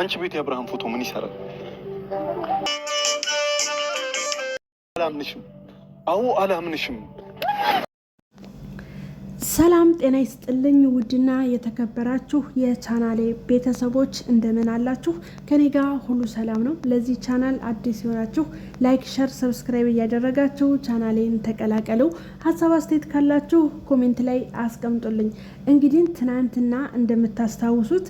አንቺ ቤት የአብርሃም ፎቶ ምን ይሰራል? አላምንሽም። አዎ አላምንሽም። ሰላም ጤና ይስጥልኝ። ውድና የተከበራችሁ የቻናሌ ቤተሰቦች እንደምን አላችሁ? ከኔ ጋር ሁሉ ሰላም ነው። ለዚህ ቻናል አዲስ የሆናችሁ ላይክ፣ ሸር፣ ሰብስክራይብ እያደረጋችሁ ቻናሌን ተቀላቀሉ። ሀሳብ አስተያየት ካላችሁ ኮሜንት ላይ አስቀምጡልኝ። እንግዲህ ትናንትና እንደምታስታውሱት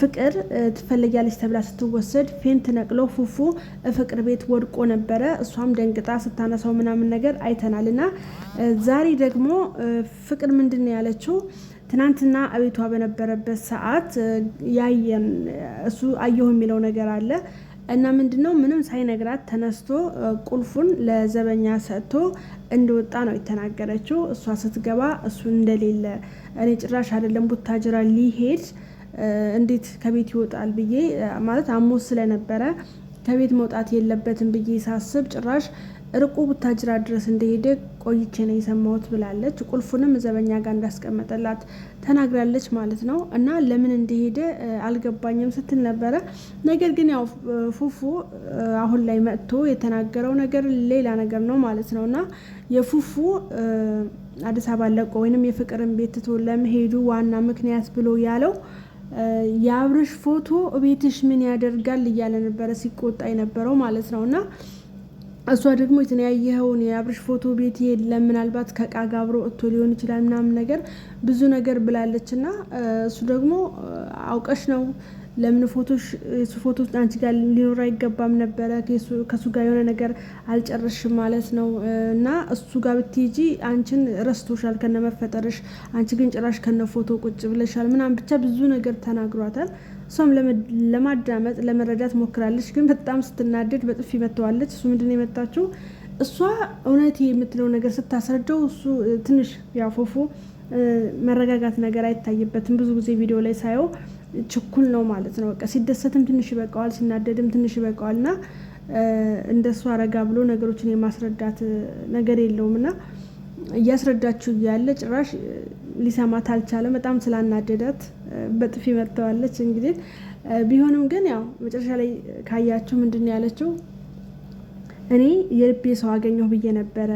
ፍቅር ትፈለጊያለች ተብላ ስትወሰድ ፌንት ነቅሎ ፉፉ ፍቅር ቤት ወድቆ ነበረ። እሷም ደንግጣ ስታነሳው ምናምን ነገር አይተናል። እና ዛሬ ደግሞ ፍቅር ምንድን ነው ያለችው? ትናንትና አቤቷ በነበረበት ሰዓት ያየን እሱ አየሁ የሚለው ነገር አለ እና ምንድን ነው ምንም ሳይነግራት ተነስቶ ቁልፉን ለዘበኛ ሰጥቶ እንደወጣ ነው የተናገረችው። እሷ ስትገባ እሱ እንደሌለ እኔ ጭራሽ አይደለም ቡታጅራ ሊሄድ እንዴት ከቤት ይወጣል ብዬ ማለት አሞስ ስለነበረ ከቤት መውጣት የለበትም ብዬ ሳስብ ጭራሽ ርቁ ቡታጅራ ድረስ እንደሄደ ቆይቼ ነው የሰማሁት ብላለች። ቁልፉንም ዘበኛ ጋር እንዳስቀመጠላት ተናግራለች ማለት ነው። እና ለምን እንደሄደ አልገባኝም ስትል ነበረ። ነገር ግን ያው ፉፉ አሁን ላይ መጥቶ የተናገረው ነገር ሌላ ነገር ነው ማለት ነው። እና የፉፉ አዲስ አበባ ለቆ ወይንም የፍቅርን ቤት ትቶ ለመሄዱ ዋና ምክንያት ብሎ ያለው የአብርሽ ፎቶ ቤትሽ ምን ያደርጋል እያለ ነበረ ሲቆጣ የነበረው ማለት ነው። እና እሷ ደግሞ የተለያየኸውን የአብርሽ ፎቶ ቤት የለም ምናልባት ከቃ ጋር አብሮ እቶ ሊሆን ይችላል ምናምን ነገር ብዙ ነገር ብላለች። እና እሱ ደግሞ አውቀሽ ነው ለምን ፎቶሽ ፎቶ አንቺ ጋር ሊኖር አይገባም ነበረ፣ ከሱ ጋር የሆነ ነገር አልጨረስሽም ማለት ነው። እና እሱ ጋር ብትሄጂ አንቺን ረስቶሻል ከነ መፈጠርሽ፣ አንቺ ግን ጭራሽ ከነ ፎቶ ቁጭ ብለሻል ምናምን፣ ብቻ ብዙ ነገር ተናግሯታል። እሷም ለማዳመጥ ለመረዳት ሞክራለች፣ ግን በጣም ስትናደድ በጥፊ መተዋለች። እሱ ምንድን ነው የመታችው? እሷ እውነት የምትለው ነገር ስታስረዳው እሱ ትንሽ ያፎፉ መረጋጋት ነገር አይታይበትም። ብዙ ጊዜ ቪዲዮ ላይ ሳየው ችኩል ነው ማለት ነው። በቃ ሲደሰትም ትንሽ ይበቃዋል፣ ሲናደድም ትንሽ ይበቃዋል እና እንደሱ አረጋ ብሎ ነገሮችን የማስረዳት ነገር የለውም እና እያስረዳችሁ እያለ ጭራሽ ሊሰማት አልቻለም። በጣም ስላናደዳት በጥፊ መጥተዋለች። እንግዲህ ቢሆንም ግን ያው መጨረሻ ላይ ካያችሁ ምንድን ነው ያለችው? እኔ የልቤ ሰው አገኘሁ ብዬ ነበረ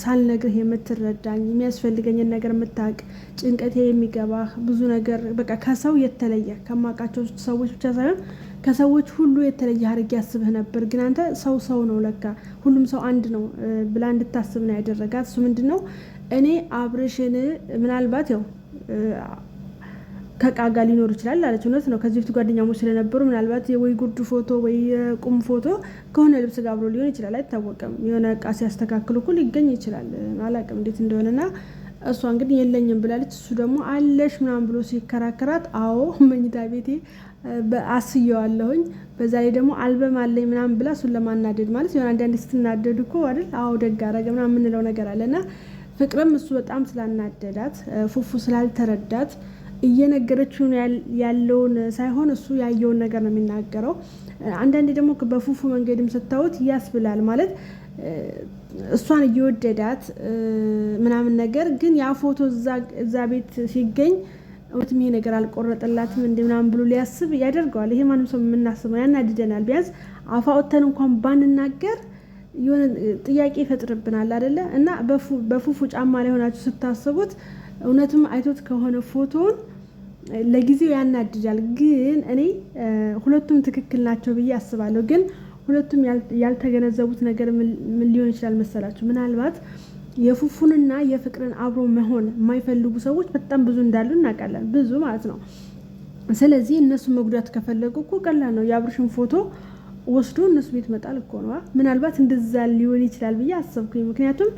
ሳልነግርህ የምትረዳኝ የሚያስፈልገኝን ነገር የምታውቅ ጭንቀቴ የሚገባህ ብዙ ነገር በቃ ከሰው የተለየ ከማውቃቸው ሰዎች ብቻ ሳይሆን ከሰዎች ሁሉ የተለየ አድርጌ ያስብህ ነበር። ግን አንተ ሰው ሰው ነው ለካ ሁሉም ሰው አንድ ነው ብላ እንድታስብ ነው ያደረጋት። እሱ ምንድን ነው እኔ አብርሽን ምናልባት ያው ከእቃ ጋር ሊኖር ይችላል አለች። እውነት ነው። ከዚህ በፊት ጓደኛሞች ስለነበሩ ምናልባት ወይ ጉርድ ፎቶ ወይ ቁም ፎቶ ከሆነ ልብስ ጋር አብሮ ሊሆን ይችላል፣ አይታወቅም። የሆነ እቃ ሲያስተካክሉ እኮ ሊገኝ ይችላል። አላውቅም እንዴት እንደሆነና እሷ እንግዲህ የለኝም ብላለች። እሱ ደግሞ አለሽ ምናምን ብሎ ሲከራከራት አዎ መኝታ ቤቴ አስየዋለሁኝ በዛ ላይ ደግሞ አልበም አለኝ ምናምን ብላ እሱን ለማናደድ ማለት የሆነ አንዳንድ ስትናደድ እኮ አይደል አዎ ደግ አደረገ ምናምን የምንለው ነገር አለና ፍቅርም እሱ በጣም ስላናደዳት ፉፉ ስላልተረዳት እየነገረችው ያለውን ሳይሆን እሱ ያየውን ነገር ነው የሚናገረው። አንዳንዴ ደግሞ በፉፉ መንገድም ስታዩት ያስብላል ማለት እሷን እየወደዳት ምናምን ነገር ግን ያ ፎቶ እዛ ቤት ሲገኝ እውነትም ይሄ ነገር አልቆረጠላትም እንደ ምናምን ብሎ ሊያስብ ያደርገዋል። ይሄ ማንም ሰው የምናስበው ያናድደናል። ቢያንስ አፍ እንኳን ባንናገር የሆነ ጥያቄ ይፈጥርብናል አደለ? እና በፉፉ ጫማ ላይ ሆናችሁ ስታስቡት እውነትም አይቶት ከሆነ ፎቶውን ለጊዜው ያናድዳል፣ ግን እኔ ሁለቱም ትክክል ናቸው ብዬ አስባለሁ። ግን ሁለቱም ያልተገነዘቡት ነገር ምን ሊሆን ይችላል መሰላችሁ? ምናልባት የፉፉንና የፍቅርን አብሮ መሆን የማይፈልጉ ሰዎች በጣም ብዙ እንዳሉ እናውቃለን፣ ብዙ ማለት ነው። ስለዚህ እነሱ መጉዳት ከፈለጉ እኮ ቀላል ነው። የአብርሽን ፎቶ ወስዶ እነሱ ቤት መጣል እኮ ነዋ። ምናልባት እንደዛ ሊሆን ይችላል ብዬ አሰብኩኝ። ምክንያቱም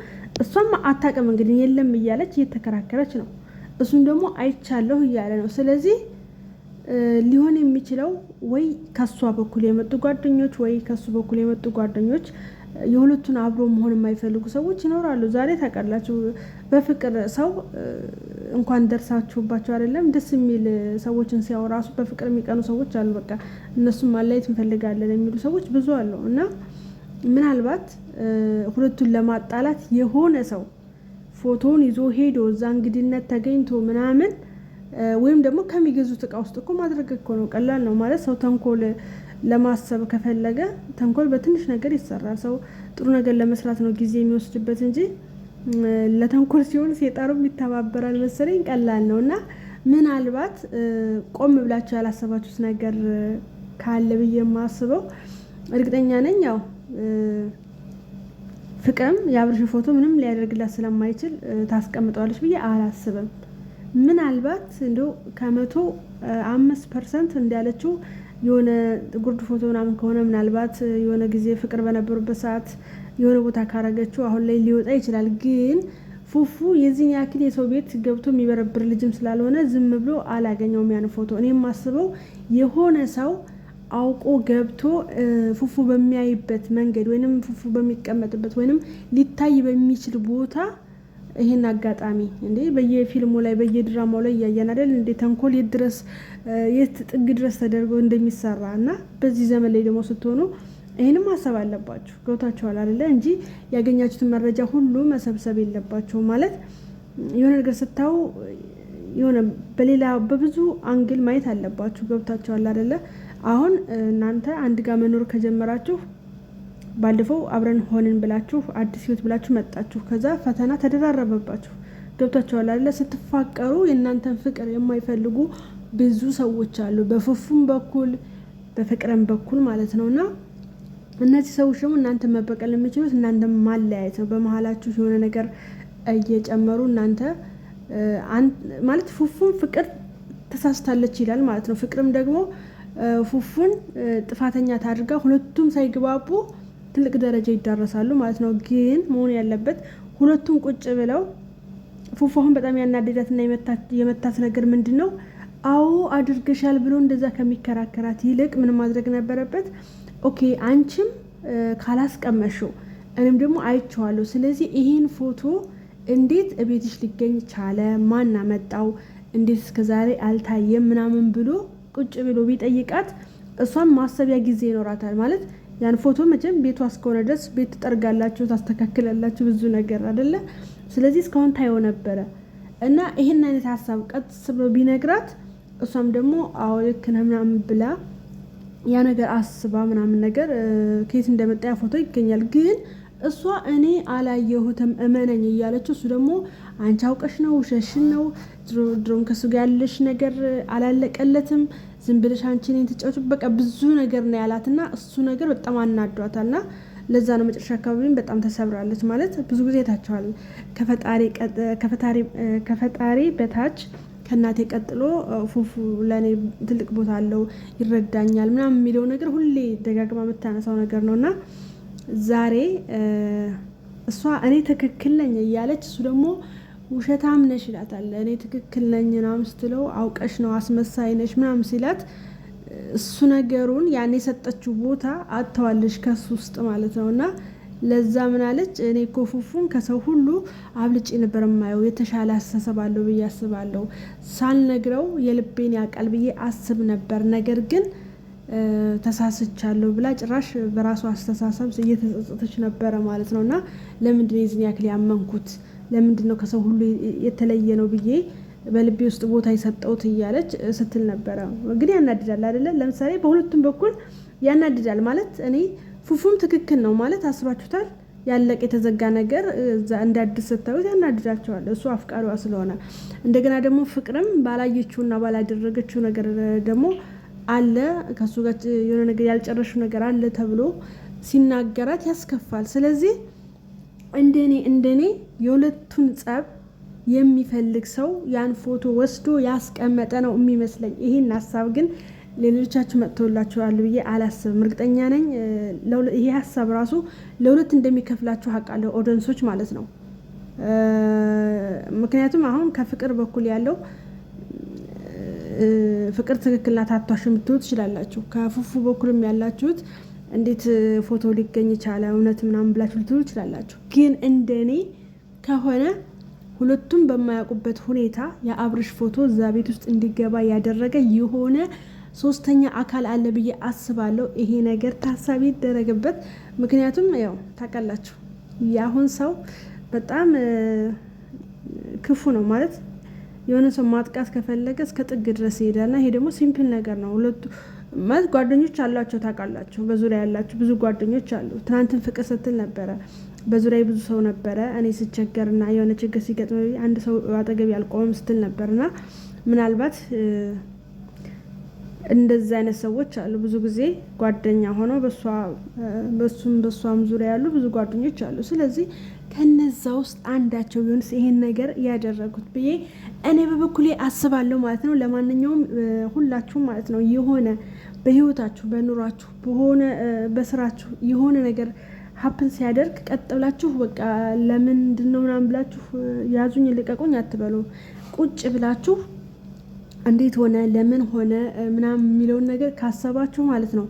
እሷም አታውቅም እንግዲህ የለም እያለች እየተከራከረች ነው እሱን ደግሞ አይቻለሁ እያለ ነው። ስለዚህ ሊሆን የሚችለው ወይ ከሷ በኩል የመጡ ጓደኞች ወይ ከሱ በኩል የመጡ ጓደኞች የሁለቱን አብሮ መሆን የማይፈልጉ ሰዎች ይኖራሉ። ዛሬ ታውቃላችሁ፣ በፍቅር ሰው እንኳን ደርሳችሁባቸው አይደለም ደስ የሚል ሰዎችን ሲያው ራሱ በፍቅር የሚቀኑ ሰዎች አሉ። በቃ እነሱም ማለየት እንፈልጋለን የሚሉ ሰዎች ብዙ አሉ እና ምናልባት ሁለቱን ለማጣላት የሆነ ሰው ፎቶውን ይዞ ሄዶ እዛ እንግድነት ተገኝቶ ምናምን ወይም ደግሞ ከሚገዙት እቃ ውስጥ እኮ ማድረግ እኮ ነው። ቀላል ነው ማለት ሰው ተንኮል ለማሰብ ከፈለገ ተንኮል በትንሽ ነገር ይሰራል። ሰው ጥሩ ነገር ለመስራት ነው ጊዜ የሚወስድበት እንጂ ለተንኮል ሲሆን ሴጣሩም ይተባበራል መሰለኝ። ቀላል ነው እና ምናልባት ቆም ብላችሁ ያላሰባችሁት ነገር ካለ ብዬ የማስበው እርግጠኛ ነኝ ያው ፍቅርም የአብርሽ ፎቶ ምንም ሊያደርግላት ስለማይችል ታስቀምጠዋለች ብዬ አላስብም። ምናልባት እንዲ ከመቶ አምስት ፐርሰንት እንዳለችው የሆነ ጉርድ ፎቶ ምናምን ከሆነ ምናልባት የሆነ ጊዜ ፍቅር በነበሩበት ሰዓት የሆነ ቦታ ካረገችው አሁን ላይ ሊወጣ ይችላል። ግን ፉፉ የዚህን ያክል የሰው ቤት ገብቶ የሚበረብር ልጅም ስላልሆነ ዝም ብሎ አላገኘውም ያን ፎቶ። እኔም ማስበው የሆነ ሰው አውቆ ገብቶ ፉፉ በሚያይበት መንገድ ወይንም ፉፉ በሚቀመጥበት ወይንም ሊታይ በሚችል ቦታ ይሄን አጋጣሚ እንዴ በየፊልሙ ላይ በየድራማው ላይ እያየን አይደል እንዴ ተንኮል የት ድረስ የት ጥግ ድረስ ተደርጎ እንደሚሰራ እና በዚህ ዘመን ላይ ደግሞ ስትሆኑ ይህንም ማሰብ አለባችሁ። ገብታችኋል አይደለ? እንጂ ያገኛችሁትን መረጃ ሁሉ መሰብሰብ የለባችሁ ማለት የሆነ ነገር ስታዩ የሆነ በሌላ በብዙ አንግል ማየት አለባችሁ። ገብታችኋል አይደለ? አሁን እናንተ አንድ ጋር መኖር ከጀመራችሁ ባለፈው አብረን ሆንን ብላችሁ አዲስ ህይወት ብላችሁ መጣችሁ። ከዛ ፈተና ተደራረበባችሁ። ገብቷቸዋል አለ ስትፋቀሩ የእናንተን ፍቅር የማይፈልጉ ብዙ ሰዎች አሉ፣ በፉፉም በኩል በፍቅረም በኩል ማለት ነው። እና እነዚህ ሰዎች ደግሞ እናንተ መበቀል የሚችሉት እናንተ ማለያየት ነው። በመሀላችሁ የሆነ ነገር እየጨመሩ እናንተ ማለት ፉፉም ፍቅር ተሳስታለች ይላል ማለት ነው። ፍቅርም ደግሞ ፉፉን ጥፋተኛ ታድርጋ ሁለቱም ሳይግባቡ ትልቅ ደረጃ ይዳረሳሉ ማለት ነው። ግን መሆን ያለበት ሁለቱም ቁጭ ብለው ፉፉ አሁን በጣም ያናደዳትና የመታት ነገር ምንድን ነው? አዎ አድርገሻል ብሎ እንደዛ ከሚከራከራት ይልቅ ምን ማድረግ ነበረበት? ኦኬ አንቺም ካላስቀመሽው እኔም ደግሞ አይቼዋለሁ። ስለዚህ ይህን ፎቶ እንዴት እቤትሽ ሊገኝ ቻለ? ማን አመጣው? እንዴት እስከዛሬ አልታየም? ምናምን ብሎ ቁጭ ብሎ ቢጠይቃት እሷም ማሰቢያ ጊዜ ይኖራታል ማለት ያን ፎቶ መቼም ቤቷ እስከሆነ ድረስ ቤት ትጠርጋላችሁ፣ ታስተካክላላችሁ ብዙ ነገር አይደለ። ስለዚህ እስካሁን ታየው ነበረ እና ይህን አይነት ሀሳብ ቀጥ ብሎ ቢነግራት እሷም ደግሞ አዎ ልክ ነህ ምናምን ብላ ያ ነገር አስባ ምናምን ነገር ከየት እንደመጣ ያ ፎቶ ይገኛል። ግን እሷ እኔ አላየሁትም እመነኝ እያለችው እሱ ደግሞ አንቺ አውቀሽ ነው ውሸሽን ነው ድሮም ከሱ ጋር ያለሽ ነገር አላለቀለትም። ዝም ብለሽ አንቺ በቃ ብዙ ነገር ነው ያላት እና እሱ ነገር በጣም አናዷታል እና ለዛ ነው መጨረሻ አካባቢም በጣም ተሰብራለች። ማለት ብዙ ጊዜ ታቸዋል ከፈጣሪ በታች ከእናቴ ቀጥሎ ፉፉ ለእኔ ትልቅ ቦታ አለው፣ ይረዳኛል ምናምን የሚለው ነገር ሁሌ ደጋግማ የምታነሳው ነገር ነው እና ዛሬ እሷ እኔ ትክክል ነኝ እያለች እሱ ደግሞ ውሸታም ነሽ ይላታል። እኔ ትክክል ነኝ ምናምን ስትለው አውቀሽ ነው አስመሳይ ነሽ ምናምን ሲላት እሱ ነገሩን ያን የሰጠችው ቦታ አጥተዋለሽ ከሱ ውስጥ ማለት ነው። እና ለዛ ምናለች እኔ እኮ ፉፉን ከሰው ሁሉ አብልጬ ነበር የማየው የተሻለ አስተሳሰብ አለው ብዬ አስባለሁ። ሳልነግረው የልቤን ያውቃል ብዬ አስብ ነበር፣ ነገር ግን ተሳስቻለሁ ብላ ጭራሽ በራሱ አስተሳሰብ እየተጸጸተች ነበረ ማለት ነው። እና ለምንድን ዝን ያክል ያመንኩት ለምንድን ነው ከሰው ሁሉ የተለየ ነው ብዬ በልቤ ውስጥ ቦታ የሰጠውት እያለች ስትል ነበረ። ግን ያናድዳል አይደለ? ለምሳሌ በሁለቱም በኩል ያናድዳል ማለት እኔ ፉፉም ትክክል ነው ማለት አስባችሁታል። ያለቀ የተዘጋ ነገር እንደ አዲስ ስታዩት ያናድዳቸዋል። እሱ አፍቃሪዋ ስለሆነ እንደገና ደግሞ ፍቅርም ባላየችውና ባላደረገችው ነገር ደግሞ አለ ከሱ ጋር የሆነ ነገር ያልጨረሹ ነገር አለ ተብሎ ሲናገራት ያስከፋል። ስለዚህ እንደኔ እንደኔ የሁለቱን ጸብ የሚፈልግ ሰው ያን ፎቶ ወስዶ ያስቀመጠ ነው የሚመስለኝ። ይሄን ሀሳብ ግን ሌሎቻችሁ መጥተውላችኋል ብዬ አላስብም። እርግጠኛ ነኝ ይሄ ሀሳብ ራሱ ለሁለት እንደሚከፍላችሁ አውቃለሁ፣ ኦዲየንሶች ማለት ነው። ምክንያቱም አሁን ከፍቅር በኩል ያለው ፍቅር ትክክልና ታቷሽ የምትሉ ትችላላችሁ። ከፉፉ በኩልም ያላችሁት እንዴት ፎቶ ሊገኝ ይቻለ እውነት ምናምን ብላችሁ ልትሉ ይችላላችሁ። ግን እንደኔ ከሆነ ሁለቱም በማያውቁበት ሁኔታ የአብርሽ ፎቶ እዛ ቤት ውስጥ እንዲገባ ያደረገ የሆነ ሶስተኛ አካል አለ ብዬ አስባለሁ። ይሄ ነገር ታሳቢ ይደረግበት። ምክንያቱም ያው ታውቃላችሁ የአሁን ሰው በጣም ክፉ ነው ማለት የሆነ ሰው ማጥቃት ከፈለገ እስከ ጥግ ድረስ ይሄዳልና ይሄ ደግሞ ሲምፕል ነገር ነው ሁለቱ ማለት ጓደኞች አሏቸው ታውቃላችሁ። በዙሪያ ያላችሁ ብዙ ጓደኞች አሉ። ትናንትን ፍቅር ስትል ነበረ። በዙሪያ ብዙ ሰው ነበረ። እኔ ስቸገርና የሆነ ችግር ሲገጥም አንድ ሰው አጠገብ ያልቆመም ስትል ነበርና ምናልባት እንደዚህ አይነት ሰዎች አሉ። ብዙ ጊዜ ጓደኛ ሆነው በሱም በሷም ዙሪያ ያሉ ብዙ ጓደኞች አሉ። ስለዚህ ከነዛ ውስጥ አንዳቸው ቢሆንስ ይሄን ነገር ያደረጉት ብዬ እኔ በበኩሌ አስባለሁ ማለት ነው። ለማንኛውም ሁላችሁ ማለት ነው የሆነ በህይወታችሁ፣ በኑሯችሁ፣ በሆነ በስራችሁ የሆነ ነገር ሀፕን ሲያደርግ ቀጥ ብላችሁ በቃ ለምንድን ነው ምናምን ብላችሁ ያዙኝ ልቀቁኝ አትበሉ። ቁጭ ብላችሁ እንዴት ሆነ ለምን ሆነ ምናምን የሚለውን ነገር ካሰባችሁ ማለት ነው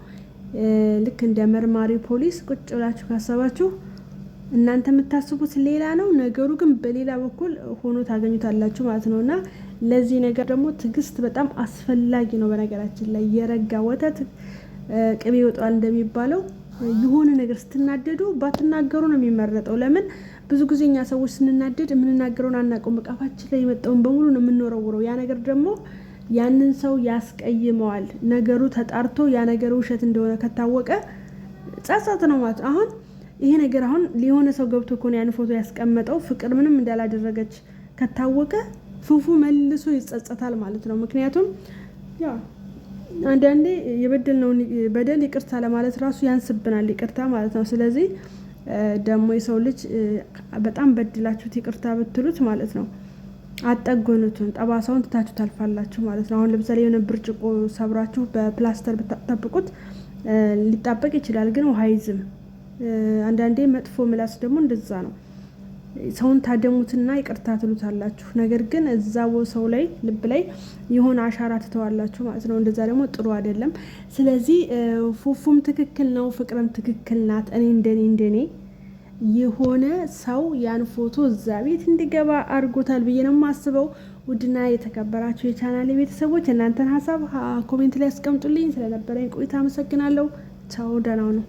ልክ እንደ መርማሪ ፖሊስ ቁጭ ብላችሁ ካሰባችሁ እናንተ የምታስቡት ሌላ ነው፣ ነገሩ ግን በሌላ በኩል ሆኖ ታገኙታላችሁ ማለት ነው እና ለዚህ ነገር ደግሞ ትዕግስት በጣም አስፈላጊ ነው። በነገራችን ላይ የረጋ ወተት ቅቤ ይወጣዋል እንደሚባለው የሆነ ነገር ስትናደዱ ባትናገሩ ነው የሚመረጠው። ለምን ብዙ ጊዜ እኛ ሰዎች ስንናደድ የምንናገረውን አናውቀውም። እቃፋችን ላይ የመጣውን በሙሉ ነው የምንወረውረው። ያ ነገር ደግሞ ያንን ሰው ያስቀይመዋል። ነገሩ ተጣርቶ ያ ነገር ውሸት እንደሆነ ከታወቀ ጸጸት ነው ማለት አሁን ይሄ ነገር አሁን ሊሆነ ሰው ገብቶ እኮ ያን ፎቶ ያስቀመጠው። ፍቅር ምንም እንዳላደረገች ከታወቀ ፉፉ መልሶ ይጸጸታል ማለት ነው። ምክንያቱም ያው አንዳንዴ ነው በደል ይቅርታ ለማለት ራሱ ያንስብናል፣ ይቅርታ ማለት ነው። ስለዚህ ደግሞ የሰው ልጅ በጣም በድላችሁት ይቅርታ ብትሉት ማለት ነው አጠጎኑትን ጠባሳውን ትታችሁ ታልፋላችሁ ማለት ነው። አሁን ለምሳሌ የሆነ ብርጭቆ ሰብራችሁ በፕላስተር ብታጠብቁት ሊጣበቅ ይችላል፣ ግን ውሃ ይዝም አንዳንዴ መጥፎ ምላስ ደግሞ እንደዛ ነው። ሰውን ታደሙትና ይቅርታ ትሉታላችሁ። ነገር ግን እዛ ሰው ላይ ልብ ላይ የሆነ አሻራ ትተዋላችሁ ማለት ነው። እንደዛ ደግሞ ጥሩ አይደለም። ስለዚህ ፉፉም ትክክል ነው፣ ፍቅርም ትክክል ናት። እኔ እንደኔ እንደኔ የሆነ ሰው ያን ፎቶ እዛ ቤት እንዲገባ አድርጎታል ብዬ ነው የማስበው። ውድና የተከበራችሁ የቻናል ቤተሰቦች እናንተን ሀሳብ ኮሜንት ላይ ያስቀምጡልኝ። ስለነበረኝ ቆይታ አመሰግናለሁ። ቻው፣ ደህና ነው።